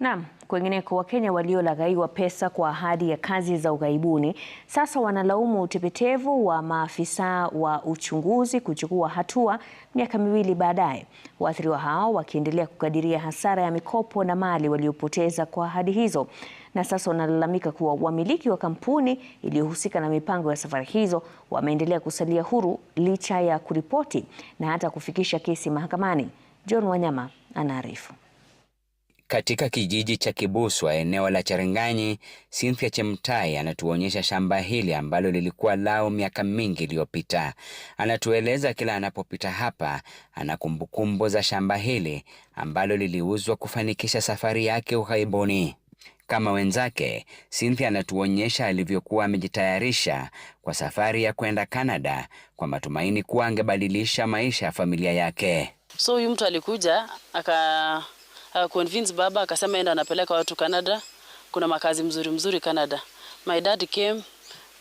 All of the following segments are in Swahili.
Naam, kwengineko Wakenya waliolaghaiwa pesa kwa ahadi ya kazi za ughaibuni sasa wanalaumu utepetevu wa maafisa wa uchunguzi kuchukua hatua miaka miwili baadaye, waathiriwa hao wakiendelea kukadiria hasara ya mikopo na mali waliopoteza kwa ahadi hizo, na sasa wanalalamika kuwa wamiliki wa kampuni iliyohusika na mipango ya safari hizo wameendelea kusalia huru licha ya kuripoti na hata kufikisha kesi mahakamani. John Wanyama anaarifu. Katika kijiji cha Kibuswa eneo la Cherangani, Cynthia Chemtai anatuonyesha shamba hili ambalo lilikuwa lao miaka mingi iliyopita. Anatueleza kila anapopita hapa ana kumbukumbu za shamba hili ambalo liliuzwa kufanikisha safari yake ughaibuni. Kama wenzake, Cynthia anatuonyesha alivyokuwa amejitayarisha kwa safari ya kwenda Canada kwa matumaini kuwa angebadilisha maisha ya familia yake. So huyu mtu alikuja aka uh, convince baba akasema enda anapeleka watu Canada, kuna makazi mzuri mzuri Canada. My dad came,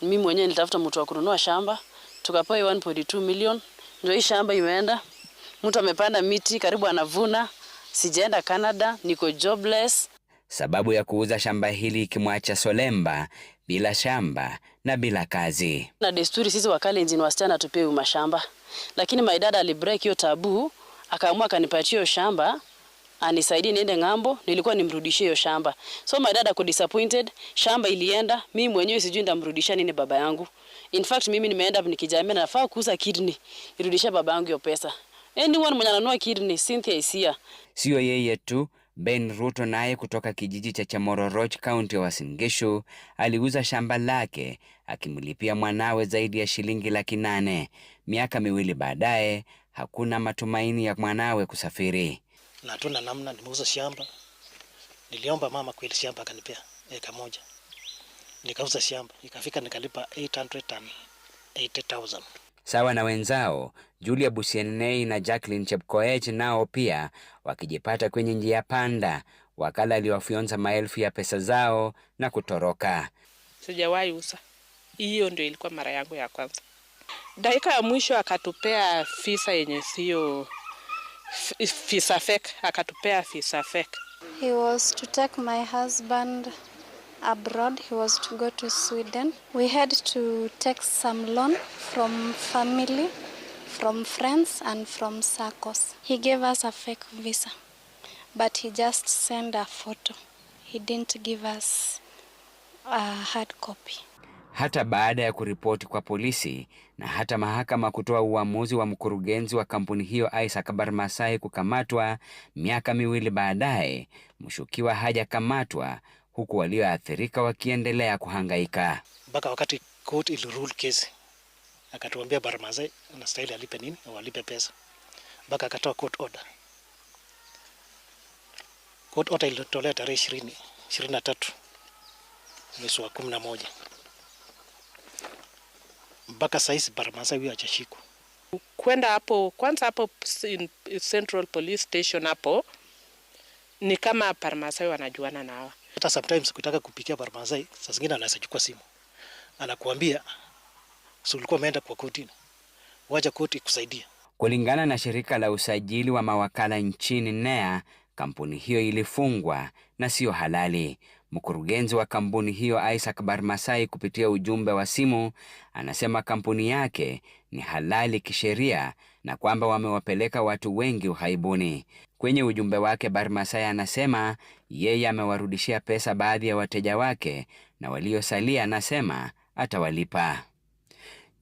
mimi mwenyewe nilitafuta mtu wa kununua shamba, tukapewa 1.2 million, ndio hii shamba imeenda. Mtu amepanda miti karibu anavuna, sijaenda Canada, niko jobless. Sababu ya kuuza shamba hili ikimwacha Solemba bila shamba na bila kazi. Na desturi sisi wakale Wakalenjin wasichana tupewe mashamba, lakini my dad alibreak hiyo tabu, akaamua akanipatia shamba anisaidie niende ng'ambo, nilikuwa nimrudishie hiyo shamba. So my dad ako disappointed, shamba ilienda, mimi mwenyewe sijui ndamrudishia nini baba yangu. In fact mimi nimeenda nikijamia, na nafaa kuuza kidney nirudishie baba yangu hiyo pesa. Anyone mwenye ananua kidney, Cynthia Isia. Sio yeye tu, Ben Ruto naye kutoka kijiji cha Chamororoch, kaunti ya Uasin Gishu, aliuza shamba lake akimlipia mwanawe zaidi ya shilingi laki nane. Miaka miwili baadaye, hakuna matumaini ya mwanawe kusafiri na hatuna namna, nimeuza shamba. Niliomba mama kweli shamba akanipea eka moja, nikauza shamba ikafika, nikalipa 880,000 sawa na wenzao Julia Busienei na Jacqueline Chepkoech, nao pia wakijipata kwenye njia panda. Wakala aliwafyonza maelfu ya pesa zao na kutoroka. Sijawahi usa, hiyo ndio ilikuwa mara yangu ya kwanza. Dakika ya mwisho akatupea fisa yenye sio Fisafek, akatupea Fisafek. He was to take my husband abroad. He was to go to Sweden. We had to take some loan from family, from friends and from circles. He gave us a fake visa, but he just sent a photo. He didn't give us a hard copy hata baada ya kuripoti kwa polisi na hata mahakama kutoa uamuzi wa mkurugenzi wa kampuni hiyo Isaac Barmasai kukamatwa miaka miwili baadaye, mshukiwa hajakamatwa huku walioathirika wakiendelea kuhangaika mpaka wakati court ilirule kesi, akatuambia Barmasai anastahili alipe nini au alipe pesa, mpaka akatoa court order. Court order ilitolewa tarehe na tatu mwezi wa 11 mpaka sahizi Baramasahi huyo achashikwa kwenda hapo. Kwanza hapo Central Police Station hapo ni kama Baramasahi wanajuana na hawa. Hata sometimes kutaka kupikia Baramasahi saa zingine anaweza chukua simu anakuambia sulikuwa ameenda kwa koti, waja koti kusaidia. Kulingana na shirika la usajili wa mawakala nchini NEA, kampuni hiyo ilifungwa na sio halali. Mkurugenzi wa kampuni hiyo Isaac Barmasai kupitia ujumbe wa simu anasema kampuni yake ni halali kisheria na kwamba wamewapeleka watu wengi uhaibuni. Kwenye ujumbe wake, Barmasai anasema yeye amewarudishia pesa baadhi ya wateja wake na waliosalia anasema atawalipa.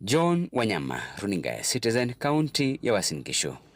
John Wanyama, Runinga ya Citizen, kaunti ya Uasin Gishu.